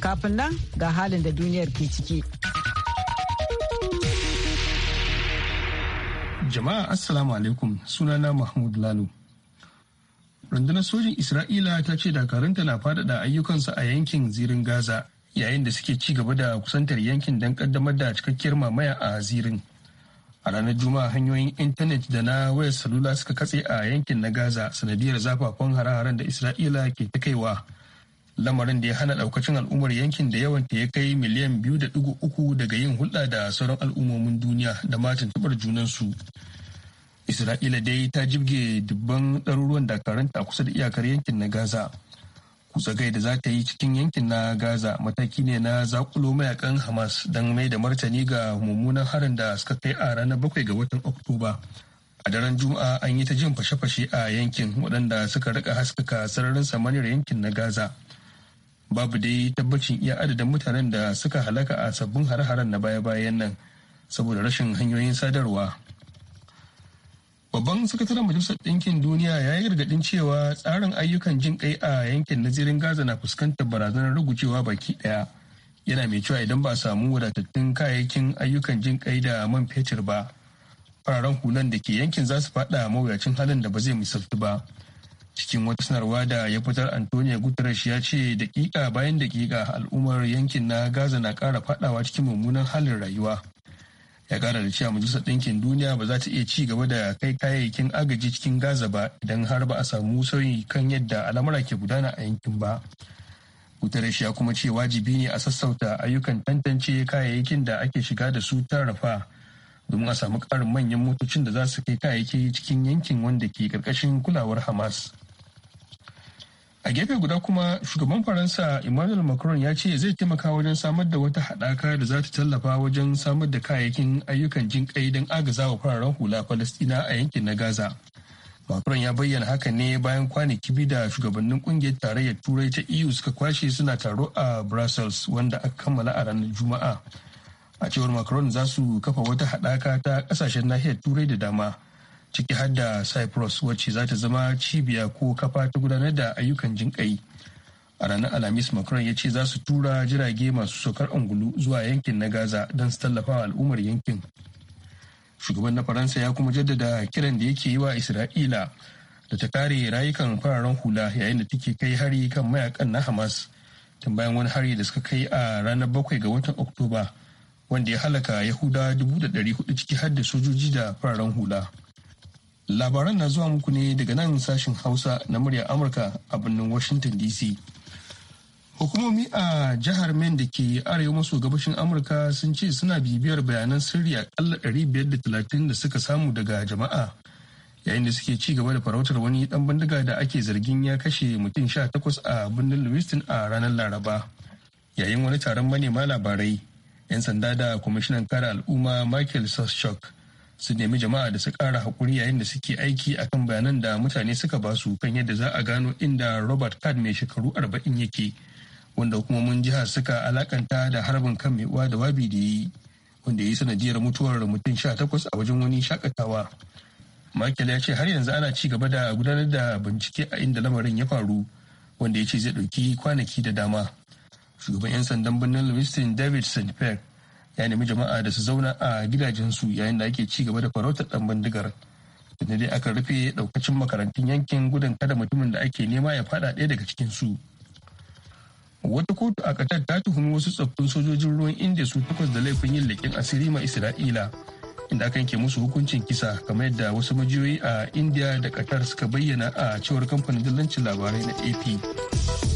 Kafin nan ga halin da duniyar ke ciki. Jama'a Assalamu alaikum sunana Mahmud Lalu. Rundunar sojin Isra'ila ta ce dakarunta na faɗaɗa ayyukansu a yankin zirin Gaza yayin da suke ci gaba da kusantar yankin don ƙaddamar da cikakkiyar mamaya a zirin. A ranar Juma'a hanyoyin intanet da na wayar salula suka katse a yankin na Gaza sanadiyar zafafan hare-haren da Isra'ila ke ta kaiwa lamarin da ya hana daukacin al'ummar yankin da yawan ya kai miliyan biyu da dugu uku daga yin hulɗa da sauran al'ummomin duniya da tabar junan su. isra'ila dai ta jibge dubban ɗaruruwan dakaranta a kusa da iyakar yankin na gaza kutsagai da za ta yi cikin yankin na gaza mataki ne na zakulo mayakan hamas don mai da martani ga mummunan harin da suka kai a ranar bakwai ga watan oktoba a daren juma'a an yi ta jin fashe-fashe a yankin waɗanda suka rika haskaka sararin samaniyar yankin na gaza babu dai tabbacin iya adadin mutanen da suka halaka a sabbin hare-haren na baya-bayan nan saboda rashin hanyoyin sadarwa babban sakataren majalisar ɗinkin duniya ya yi gargaɗin cewa tsarin ayyukan jin kai a yankin nazirin gaza na fuskantar barazanar rugujewa baki ɗaya yana mai cewa idan ba a samu wadatattun kayayyakin ayyukan jin kai da man fetur ba fararen hunan da ke yankin za su faɗa mawuyacin halin da ba zai misaltu ba cikin wata sanarwa da ya fitar antonio guterres ya ce dakika bayan dakika al'ummar yankin na gaza na kara fadawa cikin mummunan halin rayuwa ya kara da cewa majalisar ɗinkin duniya ba za ta iya ci gaba da kai kayayyakin agaji cikin gaza ba idan har ba a samu sauyi kan yadda al'amura ke gudana a yankin ba guterres ya kuma ce wajibi ne a sassauta ayyukan tantance kayayyakin da ake shiga da su tarrafa domin a samu ƙarin manyan motocin da za su kai kayayyaki cikin yankin wanda ke ƙarƙashin kulawar hamas a gefe guda kuma shugaban faransa emmanuel macron ya ce zai taimaka wajen samar da wata haɗaka da za ta tallafa wajen samar da kayayyakin ayyukan jin kai don wa fararen hula falastina a yankin na gaza macron ya bayyana haka ne bayan kwanaki biyu da shugabannin ƙungiyar tarayyar turai ta eu suka kwashe suna taro a brussels wanda aka kammala a ranar juma'a a cewar macron za su kafa wata haɗaka ta ƙasashen nahiyar turai da dama ciki har da cyprus wacce za ta zama cibiya ko kafa ta gudanar da ayyukan jinƙai a ranar alhamis macron ya ce za su tura jirage masu sokar angulu zuwa yankin na gaza don su tallafa al'ummar yankin shugaban na faransa ya kuma jaddada kiran da yake yi wa isra'ila da ta kare rayukan fararen hula yayin da take kai hari kan mayakan na hamas tun bayan wani hari da suka kai a ranar bakwai ga watan oktoba wanda ya halaka yahuda hudu ciki har da sojoji da fararen hula. labaran na zuwa muku ne daga nan sashin hausa na murya amurka a birnin washington dc hukumomi a jihar maine da ke arewa maso gabashin amurka sun ce suna bibiyar bayanan sirri a kalla 530 da suka samu daga jama'a yayin da suke ci gaba da farautar wani dan bindiga da ake zargin ya kashe mutum 18 a birnin lewiston a ranar laraba yayin wani taron manema labarai 'yan sanda da kwamishinan kare al'umma michael sushok su nemi jama'a da su kara hakuri yayin da suke aiki akan bayanan da mutane suka ba su kan yadda za a gano inda robert card mai shekaru arba'in yake wanda hukumomin jiha suka alakanta da harbin kan mai uwa da wabi da yi wanda ya yi sanadiyar mutuwar mutum sha takwas a wajen wani shakatawa michael ya ce har yanzu ana ci gaba da gudanar da bincike a inda lamarin ya faru wanda ya ce zai ɗauki kwanaki da dama shugaban 'yan sandan birnin livingston david st ya nemi jama'a da su zauna a gidajensu yayin da ake ci gaba da farautar ɗan bindigar da dai aka rufe daukacin makarantun yankin gudun kada mutumin da ake nema ya fada ɗaya daga cikin su wata kotu a katar ta tuhumi wasu tsoffin sojojin ruwan inda su takwas da laifin yin leƙen asiri ma isra'ila inda aka yanke musu hukuncin kisa kamar yadda wasu majiyoyi a india da katar suka bayyana a cewar kamfanin dillancin labarai na ap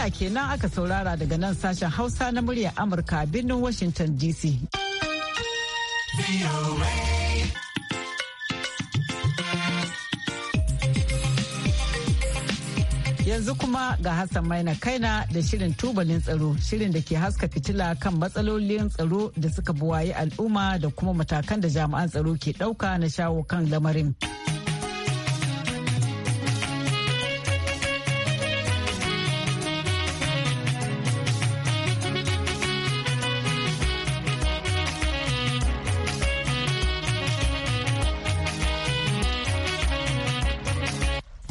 duniya kenan aka saurara daga nan sashen Hausa na muryar Amurka birnin Washington DC. Yanzu kuma ga Hassan Maina Kaina da shirin tubalin tsaro, shirin da ke haska fitila kan matsalolin tsaro da suka buwayi al'umma da kuma matakan da jami'an tsaro ke ɗauka na shawo kan lamarin.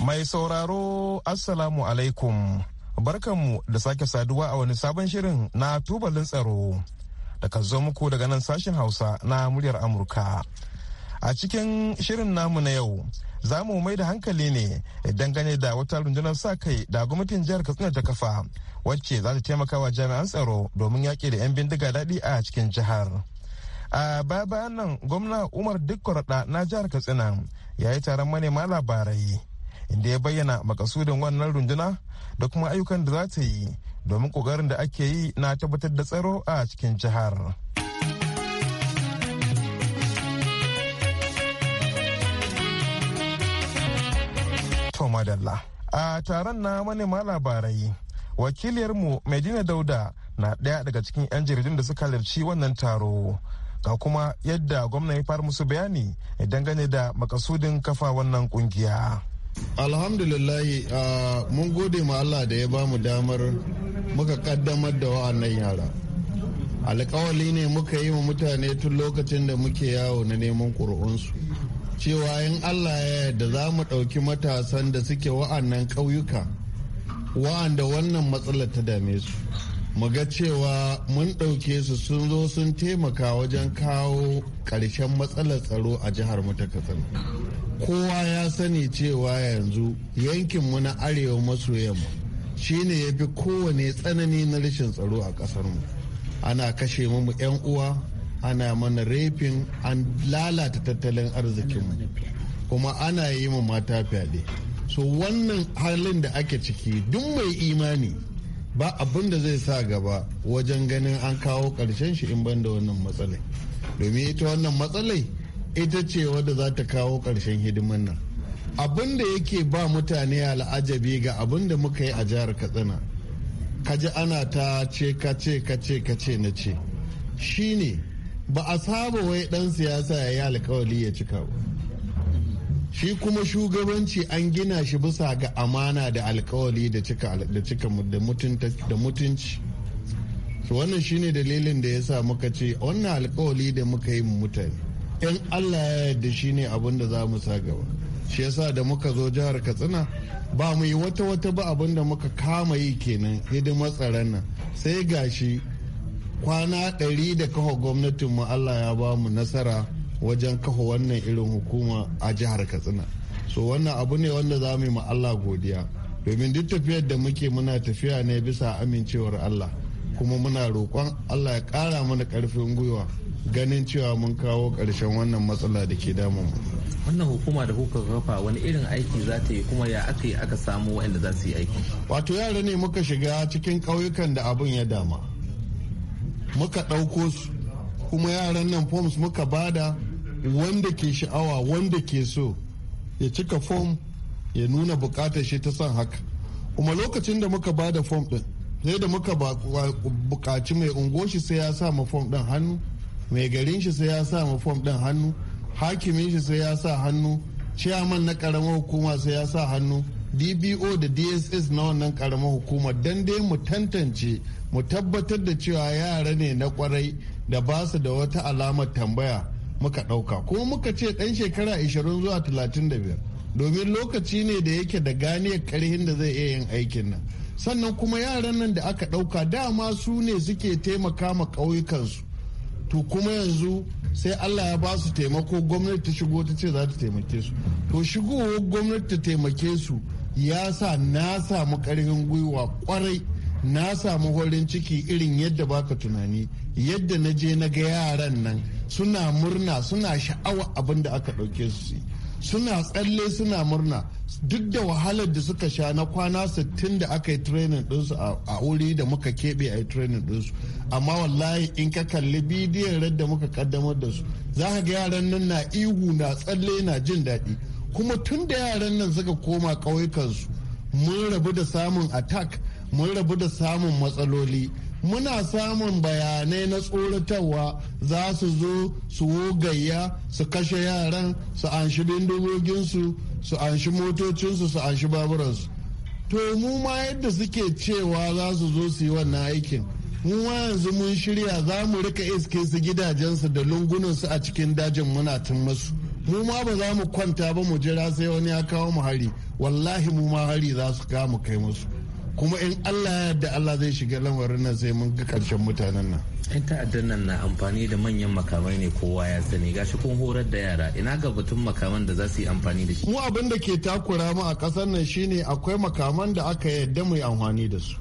Mai sauraro Assalamu alaikum. Barkanmu da sake saduwa a wani sabon shirin na tubalin tsaro da ka zo muku daga nan sashen Hausa na muryar Amurka. A cikin shirin namu na yau, za mu mai da hankali ne idan dangane da wata rundunar sa kai da gwamnatin jihar Katsina ta kafa wacce za ta taimaka wa jami'an tsaro domin yaƙi da 'yan bindiga daɗi a cikin jihar. a baya bayan nan gwamna umar dikkorada na jihar katsina ya yi taron manema labarai inda ya bayyana makasudin wannan runduna da kuma ayyukan da za ta yi domin kogarin da ake yi na tabbatar da tsaro a cikin jihar. A taron na manema labarai, wakiliyar mu Medina Dauda na ɗaya daga cikin 'yan jaridun da suka halarci wannan taro. ga kuma yadda gwamna ya fara musu bayani dangane da makasudin kafa wannan kungiya. alhamdulillahi mun gode ma allah da ya ba mu damar muka kaddamar da wa'annan yara alkawali ne muka yi wa mutane tun lokacin da muke yawo na neman ƙuri'unsu cewa in allah ya yarda za mu ɗauki matasan da suke wa'annan ƙauyuka wa'anda wannan matsalar ta dame su mu ga cewa mun ɗauke su sun zo sun taimaka wajen kawo ƙarshen matsalar tsaro a jihar mu ta katsina kowa ya sani cewa yanzu yankinmu na arewa maso yamma shine ya fi kowane tsanani na rashin tsaro a ƙasarmu ana kashe mu 'yan uwa ana mana rafin an lalata tattalin arzikinmu kuma ana yi ma mata fyaɗe so wannan halin da ake ciki duk mai imani ba abin da zai sa gaba wajen ganin an kawo ƙarshen shi in banda wannan matsalai domin ita wannan matsalai ita ce wadda za ta kawo ƙarshen hidiman nan abin da yake ba mutane al'ajabi ga abin da muka yi a jihar katsina kaji ana ta ce ka ce ka ce na ce shine ba a saba wai dan siyasa ya yi alkawali ya cika ba shi kuma shugabanci an gina shi bisa ga amana da alkawali da cika da mutunci to wannan shine dalilin da yasa sa muka ce wannan alkawali da muka yi mutane in allah ya yarda shine abin da za mu sa gaba shi yasa da muka zo jihar katsina ba mu yi wata wata ba abin da muka kama yi kenan hidima tsaron nan sai gashi kwana ɗari da kawo gwamnatin mu allah ya ba mu nasara wajen kafa wannan irin hukuma a jihar katsina so wannan abu ne wanda za mu yi ma allah godiya domin duk tafiyar da muke muna tafiya ne bisa amincewar allah kuma muna roƙon allah ya ƙara mana ƙarfin gwiwa ganin cewa mun kawo ƙarshen wannan matsala da ke damun wannan hukuma da kuka kafa wani irin aiki za ta yi kuma ya aka yi aka samu waɗanda za su yi aiki wato yara ne muka shiga cikin ƙauyukan da abin ya dama muka ɗauko su kuma yaran nan forms muka bada wanda ke sha'awa wanda ke so ya cika fom ya nuna bukatar shi ta son haka kuma lokacin da muka ba da fom din sai da muka bukaci mai shi sai ya sa ma fom din hannu mai garin shi sai ya sa ma fom din hannu hakimin shi sai ya sa hannu ciyaman na karamar hukuma sai ya sa hannu dbo da dss na wannan karamar hukuma don dai mu tantance mu tabbatar da cewa yara ne na kwarai da ba su da wata alamar tambaya muka ɗauka kuma muka ce ɗan shekara 20 zuwa 35 domin lokaci ne da yake da ganiyar karhin da zai iya yin aikin nan sannan kuma yaran nan da aka ɗauka dama su ne suke taimaka ma ƙauyukansu to kuma yanzu sai allah ya ba su taimako gwamnati ta shigo ta ce za ta taimake su to shigowar gwamnati ta taimake su ya sa na samu ƙarfin gwiwa kwarai na samu horin ciki irin yadda baka tunani yadda na je na ga yaran nan suna murna suna sha'awa abin da aka ɗauke su suna tsalle suna murna duk da wahalar da suka sha na kwana 60 da aka yi training ɗinsu a wuri da muka keɓe a yi training ɗinsu amma wallahi in ka kalli bidiyon da muka kaddamar da su za ka ga yaran nan na ihu na tsalle na jin daɗi kuma tun da yaran nan suka koma ƙauyukansu mun rabu da samun attack mun rabu da samun matsaloli muna samun bayanai na tsoratarwa za su zo su wogayya su kashe yaran su anshi bindigoginsu su anshi motocinsu su anshi baburansu to mu ma yadda suke cewa za su zo su yi wannan aikin mu ma yanzu mun shirya za mu rika iske su gidajensu da lungunansu a cikin dajin muna tun masu mu ma ba za mu kwanta ba mu jira sai wani ya kawo mu hari wallahi mu ma hari za su kamu kai musu kuma in Allah da Allah zai shiga lamarin nan sai mun ga karshen mutanen nan yan ta'addan nan na amfani da manyan makamai ne kowa ya sani gashi kun horar da yara ina ga batun makaman da za su yi amfani da shi mu abin da ke takura mu a kasar nan shine akwai makaman da aka yadda mu yi amfani da su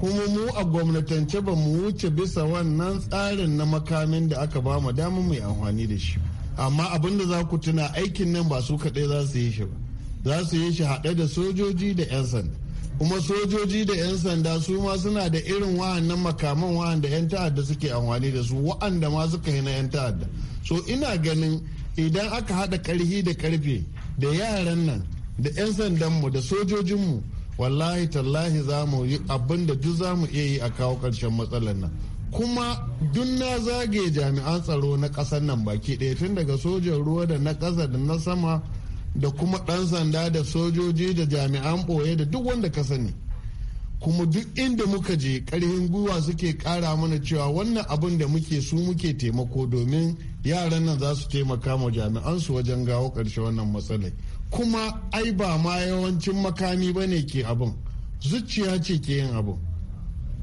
kuma mu a gwamnatance ba mu wuce bisa wannan tsarin na makamin da aka ba mu damar mu yi amfani da shi amma abin da za ku tuna aikin nan ba su kaɗai za su yi shi ba za su yi shi haɗe da sojoji da 'yan sanda kuma sojoji da 'yan sanda su ma suna da irin wa'annan makaman wa'anda 'yan ta'adda suke amfani da su wa'anda ma suka yi na 'yan ta'adda so ina ganin idan aka haɗa ƙarfi da ƙarfe da yaran nan da 'yan sandan mu da sojojin mu. wallahi tallahi za mu yi abin da duk za mu iya yi a kawo ƙarshen matsalar nan kuma duk na zage jami'an tsaro na ƙasar nan baki ɗaya tun daga sojan ruwa da na ƙasa da na sama da kuma ɗan sanda da sojoji da jami'an ɓoye da duk wanda ka sani kuma duk inda muka je ƙarfin gwiwa suke ƙara mana cewa wannan abin da muke su muke taimako domin yaran nan za su taimaka ma jami'ansu wajen gawo ƙarshe wannan matsalar. kuma ai ba ma yawancin makami ba ne ke abin zuciya ce ke yin abin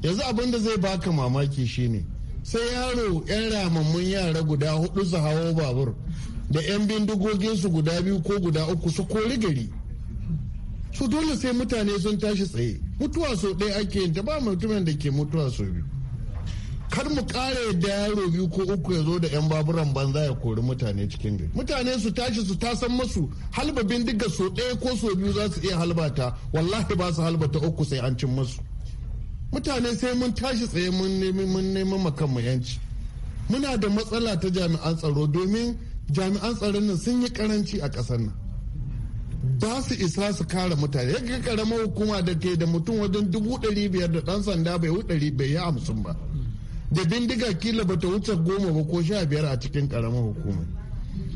yanzu abin da zai baka mamaki shine sai yaro yan ramammun yara guda hudu su hawo babur da 'yan bindigoginsu guda biyu ko guda uku su kori gari su dole sai mutane sun tashi tsaye mutuwa sau ɗaya ake yin ta ba mutumin da ke mutuwa sau biyu kar mu ƙara yadda yaro biyu ko uku ya zo da 'yan baburan banza ya kori mutane cikin gari mutane su tashi su tasan masu halba bindiga sau ɗaya ko sau biyu za su iya halbata wallahi ba su halbata uku sai an cin masu mutane sai mun tashi tsaye mun neman mu yanci muna da matsala ta jami'an tsaro domin jami'an tsaron nan sun yi karanci a ƙasar nan ba su isa su kare mutane ga karamar hukuma da ke da mutum wajen dubu ɗari biyar da ɗan sanda bai wuce ɗari bai yi hamsin ba da bindiga kila bata wuce goma ba ko sha biyar a cikin karamar hukuma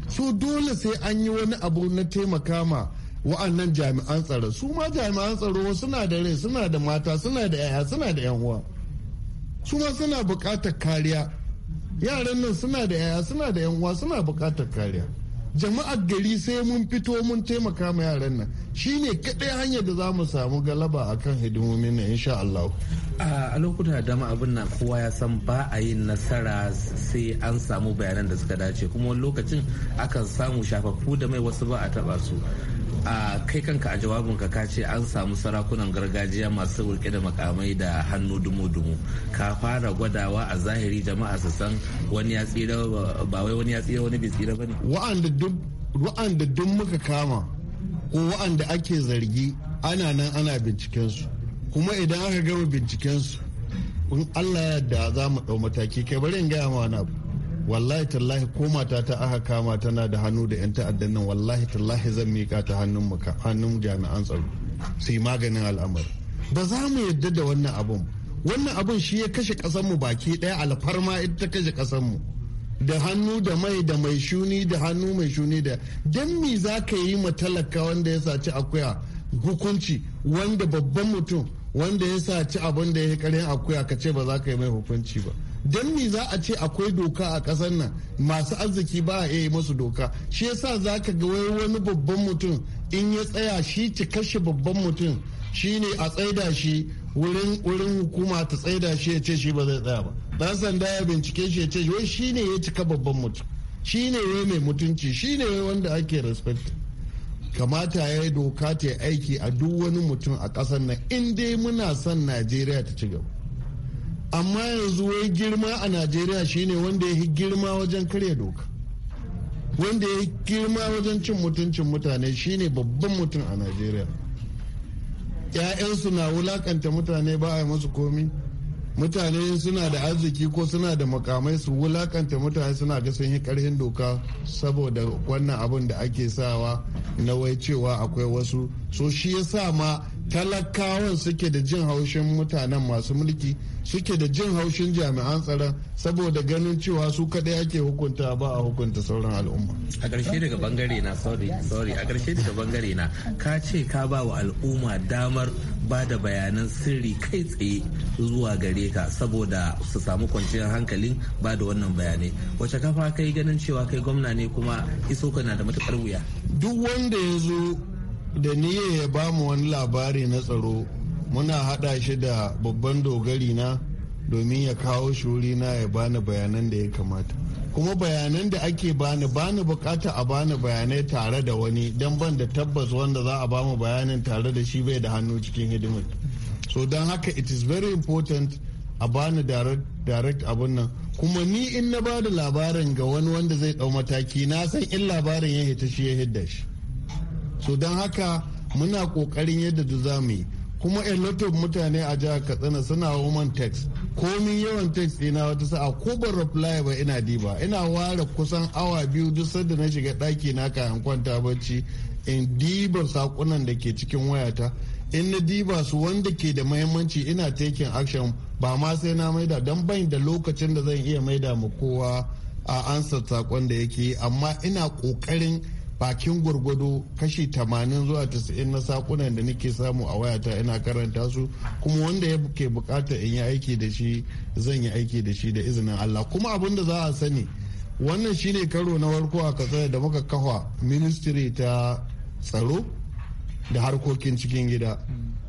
su dole sai an yi wani abu na taimaka ma wa'annan jami'an tsaro su ma jami'an tsaro suna da rai suna da mata suna da yaya suna da yan uwa su ma suna buƙatar kariya yaran nan suna da yaya suna da yan uwa suna bukatar kariya jama'ar gari sai mun fito mun taimaka ma yaran nan shine kaɗai hanyar da za mu samu galaba akan hidimomin na insha Allah a lokuta dama abin na kowa ya san ba a yin nasara sai an samu bayanan da suka dace kuma wani lokacin akan samu shafafu da mai wasu ba a taba su a kai kanka a jawabinka ka ce an samu sarakunan gargajiya masu wulke da makamai da hannu dumu-dumu ka fara gwadawa a zahiri jama'a su san wani ya tsira ba wai wani ya tsira wani bai tsira ba ne wa'anda duk muka kama ko wa'anda ake zargi ana nan ana binciken su kuma idan aka gama su kun allah ya da za mu ɗau mataki kai bari in gaya ma wani abu wallahi tallahi ko mata ta aka kama tana da hannu da 'yan ta'addan nan wallahi tallahi zan miƙa ta hannun hannun jami'an tsaro su yi maganin al'amari ba za mu yadda da wannan abun wannan abun shi ya kashe mu baki ɗaya alfarma ita ta kashe mu. da hannu da mai da mai shuni da hannu mai shuni da dan me za ka yi ma talaka wanda ya saci akuya hukunci wanda babban mutum wanda ya saci abin da ya karyan akuya ka ce ba za ka yi mai hukunci ba don me za a ce akwai doka a ƙasar nan masu arziki ba a iya masu doka shi yasa za ka ga wai wani babban mutum in ya tsaya shi kashe babban mutum shi ne a tsaida shi wurin hukuma ta tsaida shi ya ce shi ba zai tsaya ba dan sanda ya bincike shi ya ce wai ne ya cika babban mutum shi ne wai mai mutunci shi shine wai wanda ake respect kamata ya yi doka ta aiki a duk wani mutum a ƙasar nan in dai muna son najeriya ta ci gaba amma yanzu wai girma a najeriya shine wanda ya girma wajen karya doka wanda ya girma wajen cin mutuncin mutane shine babban mutum a najeriya ‘ya'yansu na wulakanta mutane ba a masu komi mutane suna da arziki ko suna da makamai su wulakanta mutane suna ga sun yi karhin doka saboda wannan abin da ake sawa na wai cewa akwai wasu so shi ya sa ma talakawan suke da jin haushin mutanen masu mulki suke da jin haushin jami'an tsaron saboda ganin cewa su kadai ake hukunta ba a hukunta sauran al'umma a ƙarshe daga bangare na sorry sorry a ƙarshe daga bangare na ka ce ka ba wa al'umma damar ba da bayanan sirri kai tsaye zuwa gare ka saboda su samu kwanciyar hankalin ba da wannan bayanai wace kafa kai ganin cewa kai gwamna ne kuma iso kana da matukar wuya duk wanda ya zo da ni ya ba mu wani labari na tsaro muna hada shi da babban dogari na domin ya kawo shuri na ya bani bayanan da ya kamata kuma bayanan da ake bani bani bukata a bani bayanai tare da wani don ban da tabbas wanda za a bamu bayanin tare da shi bai da hannu cikin hidimar so don haka it is very important a bani direct abun nan kuma ni in na ba da labarin ga wani wanda zai dau mataki na san in labarin ya hita shi ya hidda shi so don haka muna kokarin yadda da za mu yi kuma a mutane a jihar katsina suna woman text komin yawan tax ina wata sa'a ko ban reply ba ina diba ina ware kusan awa biyu duk sanda na shiga daki na kayan kwanta bacci in diba sakunan da ke cikin wayata in na diba su wanda ke da mahimmanci ina taking action ba ma sai na maida don ban da lokacin da zan iya maida ma kowa a ansa sakon da yake amma ina kokarin bakin gwargwado kashi 80 zuwa 90 na sakunan da nake samu a wayata ina karanta su kuma wanda ya ke bukata in yi aiki da shi zan yi aiki da shi da izinin Allah kuma abin da za a sani wannan shine karo na warko a kasar da muka kafa ministry ta tsaro da harkokin cikin gida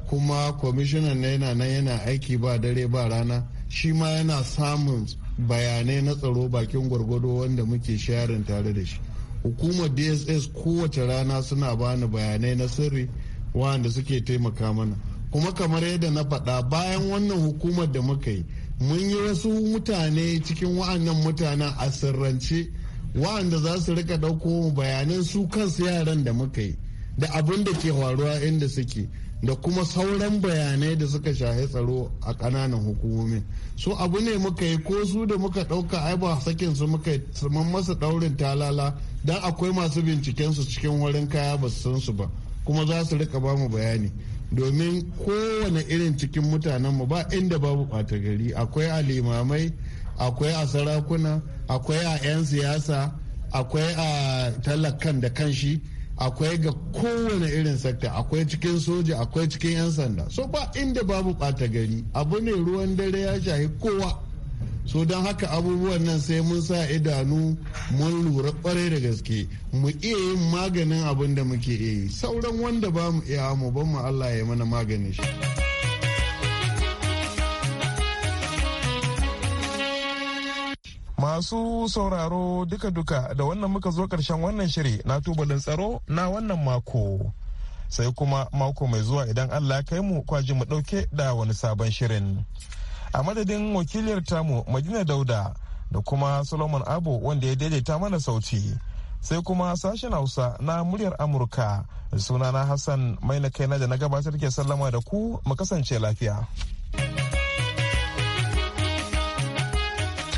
kuma commissioner na yana nan yana aiki ba dare ba rana shi ma yana samun bayanai na tsaro bakin gwargwado wanda muke sharin tare da shi hukumar dss kowace rana suna bani bayanai na sirri wanda suke taimaka mana kuma kamar yadda na faɗa bayan wannan hukumar da muka yi mun yi wasu mutane cikin wa'annan mutanen a sirrance wa'anda za su rika ɗauko bayanan su kansu yaran da muka yi da abin da ke faruwa inda suke da kuma sauran bayanai da suka shahi tsaro a ƙananan hukumomi su abu ne muka yi ko su da muka ɗauka ai ba sakin su muka saman masa ɗaurin talala don akwai masu binciken su cikin wurin kaya ba su san su ba kuma za su rika ba mu bayani domin kowane irin cikin mutanen mu ba inda babu ɓata gari akwai a limamai akwai a sarakuna akwai a 'yan siyasa akwai a talakan da kanshi akwai ga kowane irin sakta akwai cikin soja akwai cikin 'yan sanda so ba inda babu bata gari abu ne ruwan dare ya shahi kowa so don haka abubuwan nan sai mun sa idanu mun lura kwarai da gaske mu iya yin maganin abin da muke iya yi sauran wanda ba mu iya mu ban mu allah ya mana maganin shi Masu sauraro duka-duka da wannan muka zo karshen wannan shiri na tubalin tsaro na wannan mako. Sai kuma mako mai zuwa idan Allah kai mu kwaji mu dauke da wani sabon shirin. A madadin wakiliyar tamu Madina Dauda da kuma Solomon abu wanda ya daidaita mana sauti. Sai kuma sashen Hausa na muryar Amurka sunana Hassan mai na kaina da na gabatar ke sallama da ku mu kasance lafiya.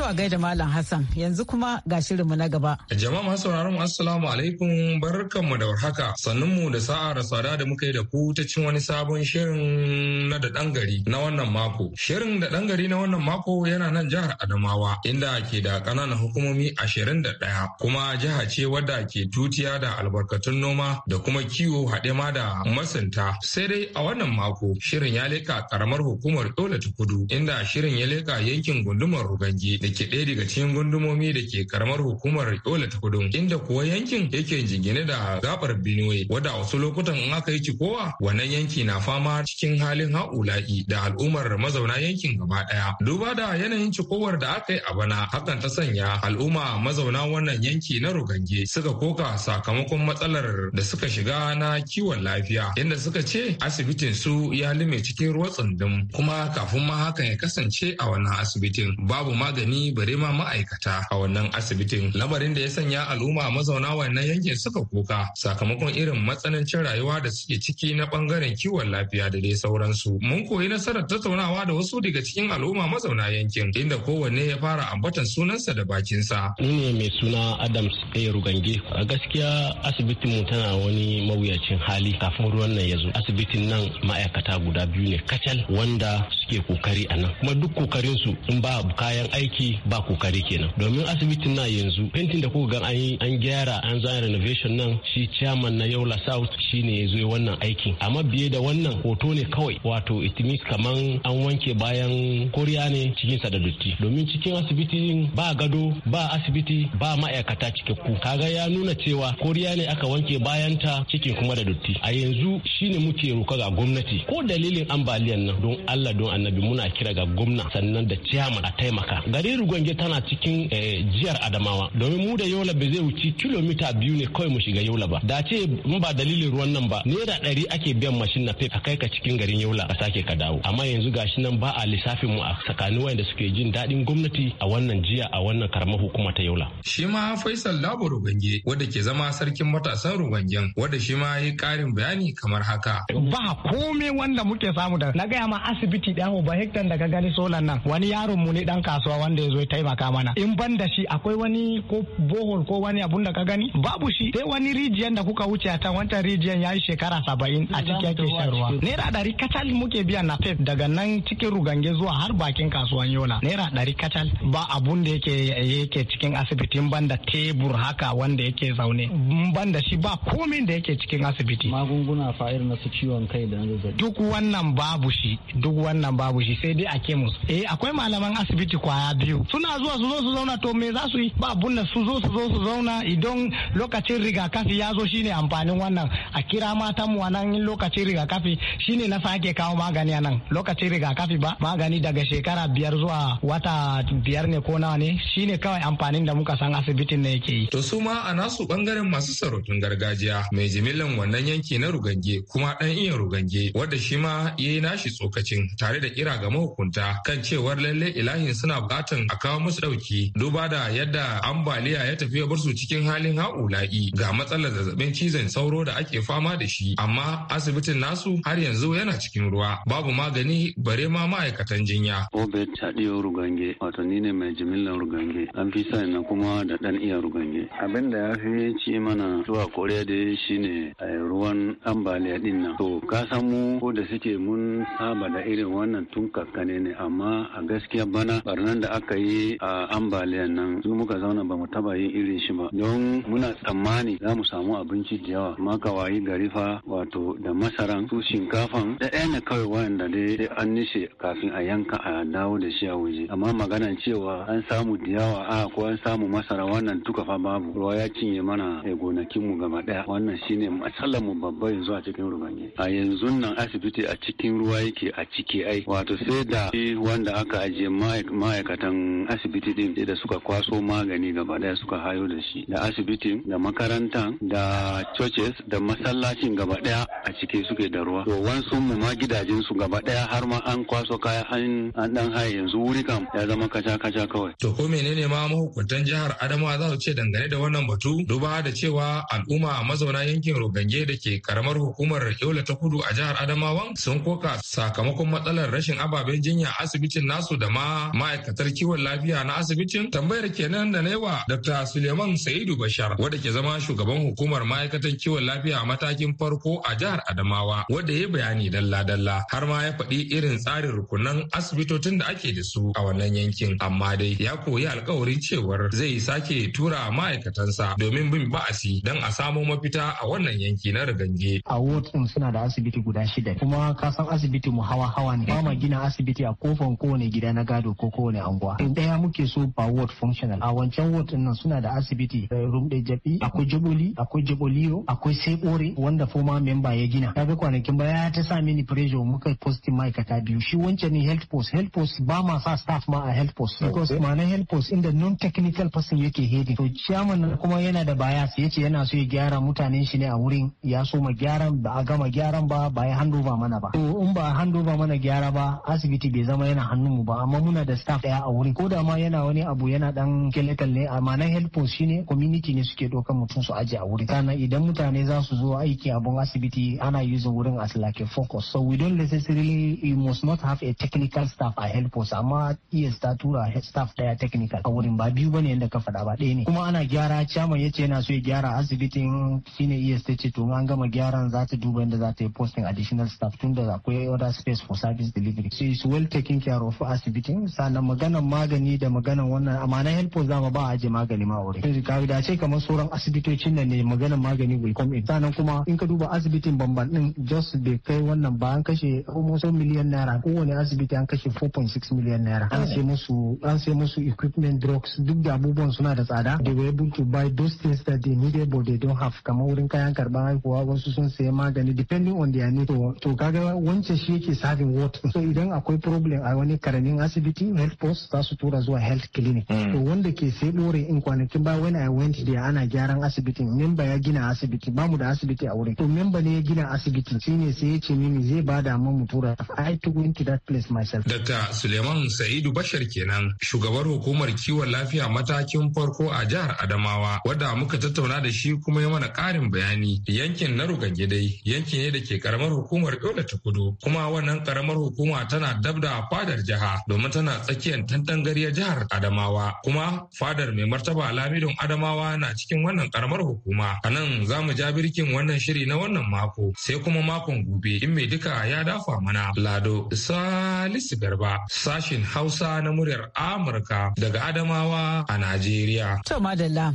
a gaida Malam Hassan yanzu kuma ga shirinmu na gaba. Jama'a masu sauraron mu assalamu alaikum barkanmu da warhaka sannunmu da sa'ar sada da muka yi da ku ta cin wani sabon shirin na da ɗan na wannan mako. Shirin da ɗan gari na wannan mako yana nan jihar Adamawa inda ke da kananan hukumomi ashirin da ɗaya kuma jiha ce wadda ke tutiya da albarkatun noma da kuma kiwo haɗe ma da masinta. sai dai a wannan mako shirin ya leka ƙaramar hukumar Dole ta Kudu inda shirin ya leka yankin gundumar Rugange da ke ɗaya daga cikin gundumomi da ke karamar hukumar Yola ta kudu inda kuwa yankin yake jingine da gabar Benue wadda wasu lokutan in aka yi cikowa wannan yanki na fama cikin halin ha'ula'i da al'ummar mazauna yankin gaba ɗaya. Duba da yanayin cikowar da aka yi a bana hakan ta sanya al'umma mazauna wannan yanki na Rugange suka koka sakamakon matsalar da suka shiga na kiwon lafiya inda suka ce asibitin su ya lime cikin ruwa tsundum kuma kafin ma hakan ya kasance a wannan asibitin babu magani bare ma ma'aikata a wannan asibitin lamarin da ya sanya al'umma mazauna wannan yankin suka kuka sakamakon irin matsanancin rayuwa da suke ciki na bangaren kiwon lafiya da dai sauransu mun koyi nasarar tattaunawa da wasu daga cikin al'umma mazauna yankin inda kowanne ya fara ambatan sunansa da bakinsa ni ne mai suna adams ɗaya rugange a gaskiya asibitin mu tana wani mawuyacin hali kafin ruwan nan ya zo asibitin nan ma'aikata guda biyu ne kacal wanda suke kokari a nan kuma duk kokarinsu in ba kayan aiki ba kokari kenan domin asibitin na yanzu fentin da kuka ga an yi an gyara an zana renovation nan shi chairman na yola south shine ya zo wannan aikin amma biye da wannan hoto ne kawai wato it means kaman an wanke bayan koriya ne cikin sa da dotti domin cikin asibitin ba gado ba asibiti ba ma'aikata cikakku kaga ya nuna cewa koriya ne aka wanke bayan ta cikin kuma da dotti a yanzu shine muke roka ga gwamnati ko dalilin ambaliyan nan don Allah don annabi muna kira ga gwamna sannan da chairman a taimaka garin Haliru Gwange tana cikin eh, jihar Adamawa domin mu da Yola ba zai wuci kilomita biyu ne kawai mu shiga Yola ba. dace ce in ba dalilin ruwan nan ba naira ɗari ake biyan mashin na pep a kai ka cikin garin Yola a sake ka dawo. Amma yanzu gashi nan ba a lissafin mu a tsakanin wayanda suke jin daɗin gwamnati a wannan jiya a wannan karamar hukuma ta Yola. Shi ma Faisal Labo Rugange wanda ke zama sarkin matasan Rugangen wanda shi ma yi ƙarin bayani kamar haka. Ba komai wanda muke samu da na gaya ma asibiti ɗaya ba hektar da ka gani solar nan wani yaron mu ne ɗan kasuwa wanda zai zo taimaka mana in ban da shi akwai wani ko bohol ko wani abun da ka gani babu shi sai wani rijiyan da kuka wuce a ta wancan rijiyan ya yi shekara saba'in a ciki ake shan ruwa naira ɗari kacal muke biya na pep daga nan cikin rugange zuwa har bakin kasuwan yola naira ɗari kacal ba abun da yake yake cikin asibiti. ban da tebur haka wanda yake zaune ban da shi ba komin da yake cikin asibiti magunguna fa'ir na su ciwon kai da zazzabi duk wannan babu shi duk wannan babu shi sai dai a kemus eh akwai malaman asibiti kwaya biyu biyu suna zuwa su zo su zauna to me za su yi ba abun su zo su zo su zauna idan lokacin rigakafi ya zo shine amfanin wannan a kira matan mu nan in lokacin rigakafi shine na sake kawo magani a nan lokacin rigakafi ba magani daga shekara biyar zuwa wata biyar ne ko nawa ne shine kawai amfanin da muka san asibitin ne yake yi to su ma a nasu bangaren masu sarautun gargajiya mai jimillan wannan yanki na rugange kuma dan iya rugange wanda shi ma yayi nashi tsokacin tare da kira ga mahukunta kan cewar lalle ilahin suna bukatan a kawo musu ɗauki duba da yadda ambaliya ya tafi ya bar su cikin halin ha'ula'i ga matsalar zazzabin cizon sauro da ake fama da shi amma asibitin nasu har yanzu yana cikin ruwa babu magani bare ma ma'aikatan jinya. Obed Tadiyo Rugange wato ni ne mai jimillar Rugange an fi sa na kuma da ɗan iya Rugange. Abin da ya fi ci mana zuwa Koriya da shi ne eh, ruwan ambaliya ɗin nan. To ka san mu ko da suke mun saba da irin wannan tun kakkane ne amma a gaskiya bana barnan da aka yi a ambaliyan nan sun muka zauna ba mu taba yin irin shi ba don muna tsammani za mu samu abinci da yawa amma kawayi gari fa wato da masaran su shinkafan da ɗaya ne kawai wanda dai an nishe kafin a yanka a dawo da shi a waje amma maganan cewa an samu da yawa a ko an samu masara wannan duka fa babu ruwa ya cinye mana eh, gonakin mu gaba ɗaya wannan shine matsalar mu babba yanzu a cikin rubanye a yanzu nan asibiti a cikin ruwa yake a ciki ai wato sai da wanda aka ajiye ma'aikatan asibiti din da suka kwaso magani gaba daya suka hayo da shi da asibitin da makarantan da churches da masallacin gaba daya a cike suke da ruwa to wansu mu ma gidajen su gaba daya har ma an kwaso kaya an dan haye yanzu wuri kam ya zama kaca kaca kawai to ko menene ma mahukuntan jihar Adamawa za su ce dangane da wannan batu duba da cewa al'umma mazauna yankin Rogange da ke karamar hukumar Yola ta Kudu a jihar adamawa sun koka sakamakon matsalar rashin ababen jinya asibitin nasu da ma ma'aikatar kiwon kiwon lafiya na asibitin tambayar kenan da na wa Dr. Suleiman Sa'idu Bashar wadda ke zama shugaban hukumar ma'aikatan kiwon lafiya a matakin farko a jihar Adamawa wadda ya bayani dalla-dalla har ma ya faɗi irin tsarin rukunan asibitocin da ake da su a wannan yankin amma dai ya koyi alkawarin cewar zai sake tura ma'aikatansa domin bin ba'asi don a samo mafita a wannan yanki na rigange. A ward suna da asibiti guda shida kuma kasan asibiti mu hawa-hawa ne ba gina asibiti a kofan kowane gida na gado ko kowane anguwa yawa in daya muke so ba ward functional a wancan ward nan suna da asibiti da eh, jabi akwai jaboli akwai jabolio akwai sebore e wanda foma member ya gina kaga kwanakin baya ta sa mini pressure muka posting ma'aikata biyu shi wancan ne health post health post ba ma sa staff ma a health post because ma'ana health post inda non technical person yake heading to chairman kuma yana da baya bias yace yana so ya gyara mutanen shi ne a wurin ya so ma gyaran ba a gama gyaran ba ba ya handover mana ba to in ba handover mana gyara ba asibiti bai zama yana hannun mu ba amma muna da staff daya a wurin wurin ko da ma yana wani abu yana dan kelekal ne amma na helpers shine community ne suke dokan mutum su aje a wuri kana idan mutane za su zo aiki abun asibiti ana using wurin as like a focus so we don't necessarily we must not have a technical staff a us. amma iya statura tura staff daya technical a wurin ba biyu bane yanda ka fada ba ɗaya ne kuma ana gyara chama yace yana so ya gyara asibitin shine iya ta ce to an gama gyaran za ta duba yanda za ta yi posting additional staff tun da akwai other space for service delivery so is well taken care of asibitin sannan maganan ma magani da magana wannan amma na health post ba a aje magani ma aure ka da ce kamar sauran asibitocin nan ne maganan magani will come in sannan kuma in ka duba asibitin bamban din just bai kai wannan ba an kashe almost million naira kowane asibiti an kashe 4.6 million naira an sai musu an sai musu equipment drugs duk da abubuwan suna da tsada they were able to buy those things that they needed but they don't have kamar wurin kayan karban haihuwa wasu sun sayi magani depending on their need to kaga wancan shi yake saving what so idan akwai problem a wani karamin asibiti health post za su tura zuwa health clinic hmm. to wanda ke sai dore in kwanakin ba when i went there ana gyaran asibitin memba ya gina asibiti ba mu da asibiti a wurin to memba ne ya gina asibiti shine sai ya ce mini zai bada mu mu tura i took to that place myself Dr. Suleiman Sa'idu bashar kenan shugabar hukumar kiwon lafiya matakin farko a jihar Adamawa wadda muka tattauna da shi kuma ya mana karin bayani yankin na Rugange dai yanki ne da ke karamar hukumar Yola ta Kudu kuma wannan karamar hukuma tana dabda fadar jiha domin tana tsakiyar tantan gangariyar jihar Adamawa kuma fadar mai martaba Lamidon Adamawa na cikin wannan karamar hukuma. A nan za mu ja birkin wannan shiri na wannan mako sai kuma makon gobe in mai duka ya dafa mana. Lado Salisu Garba sashin Hausa na muryar Amurka daga Adamawa a Najeriya. To madalla.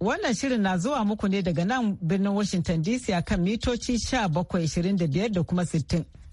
Wannan shirin na zuwa muku ne daga nan birnin Washington DC a kan mitoci 25 da kuma 60.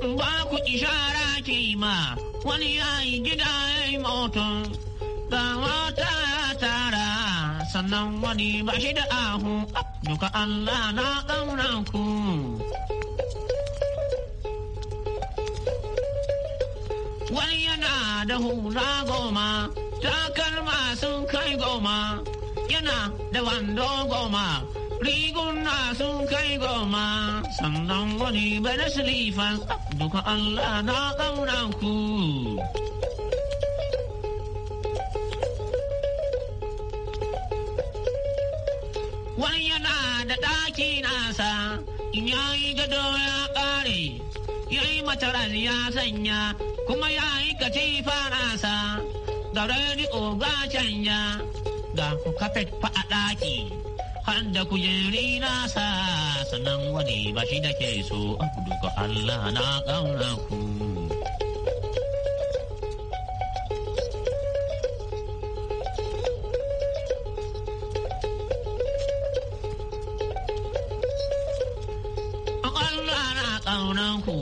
ba ku ishara ke ma wani yayi gida ya yi mutum ga mata ya tara sannan wani ba shi da ahu duka Allah na ƙauna Wani yana da hula goma, takalma sun kai goma, yana da wando goma. riguna sun kai goma sannan wani bane silifan duka Allah na ƙauna ku. Wani yana da ɗaki nasa, yayi yi gado ya ƙare, yayi yi mataran ya sanya, kuma yayi yi katifa nasa, da rediyo ga canja, ga ku kafet fa a ɗaki. hadda kujeri na sa sanan wani ba shi da ke so duka Allah na ku. Allah na ƙaura ku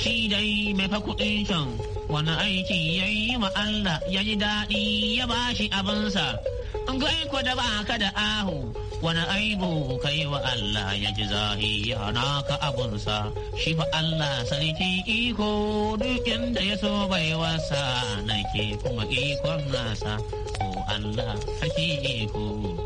shi dai mai fa kuɗin can wani aiki ya yi ma Allah ya ji daɗi ya ba shi abinsa. Gai ku da ba ka da ahu wani aibu ka yi wa Allah ya ji zahi yana ka abunsa shi fa Allah sarki iko duk inda ya so bai wasa ke kuma ikon nasa ko Allah haki iko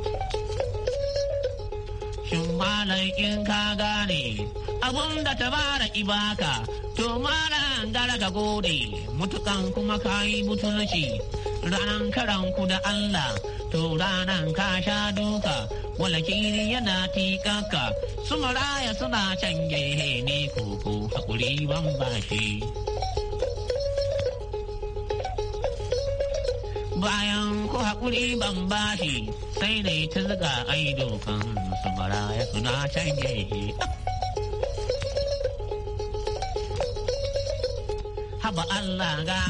shin malam in ka gane abun da bara ibaka to malam gara ka gode mutukan kuma ka yi butulci ranan karanku da Allah to ranan ka sha duka wala kiri yana tikaka su maraya suna can gehe ne koko hakuri ban bashi bayan ku haƙuri ban bashi sai dai ta zuga aido dokan su maraya suna can gehe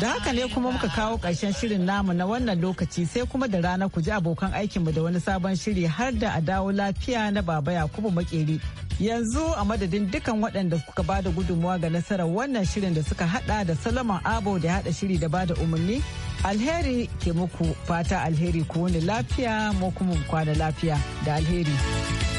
Da haka ne kuma muka kawo ƙarshen shirin namu na wannan lokaci sai kuma da rana ku ji abokan aikinmu da wani sabon shiri har da a dawo lafiya na baba Yakubu Makeri. Yanzu a madadin dukan waɗanda kuka ba da gudunmuwa ga nasarar wannan shirin da suka haɗa da Salaman Abo da haɗa shiri da bada umarni. Alheri ke muku fata alheri ku wani lafiya mu kuma kwana lafiya da alheri.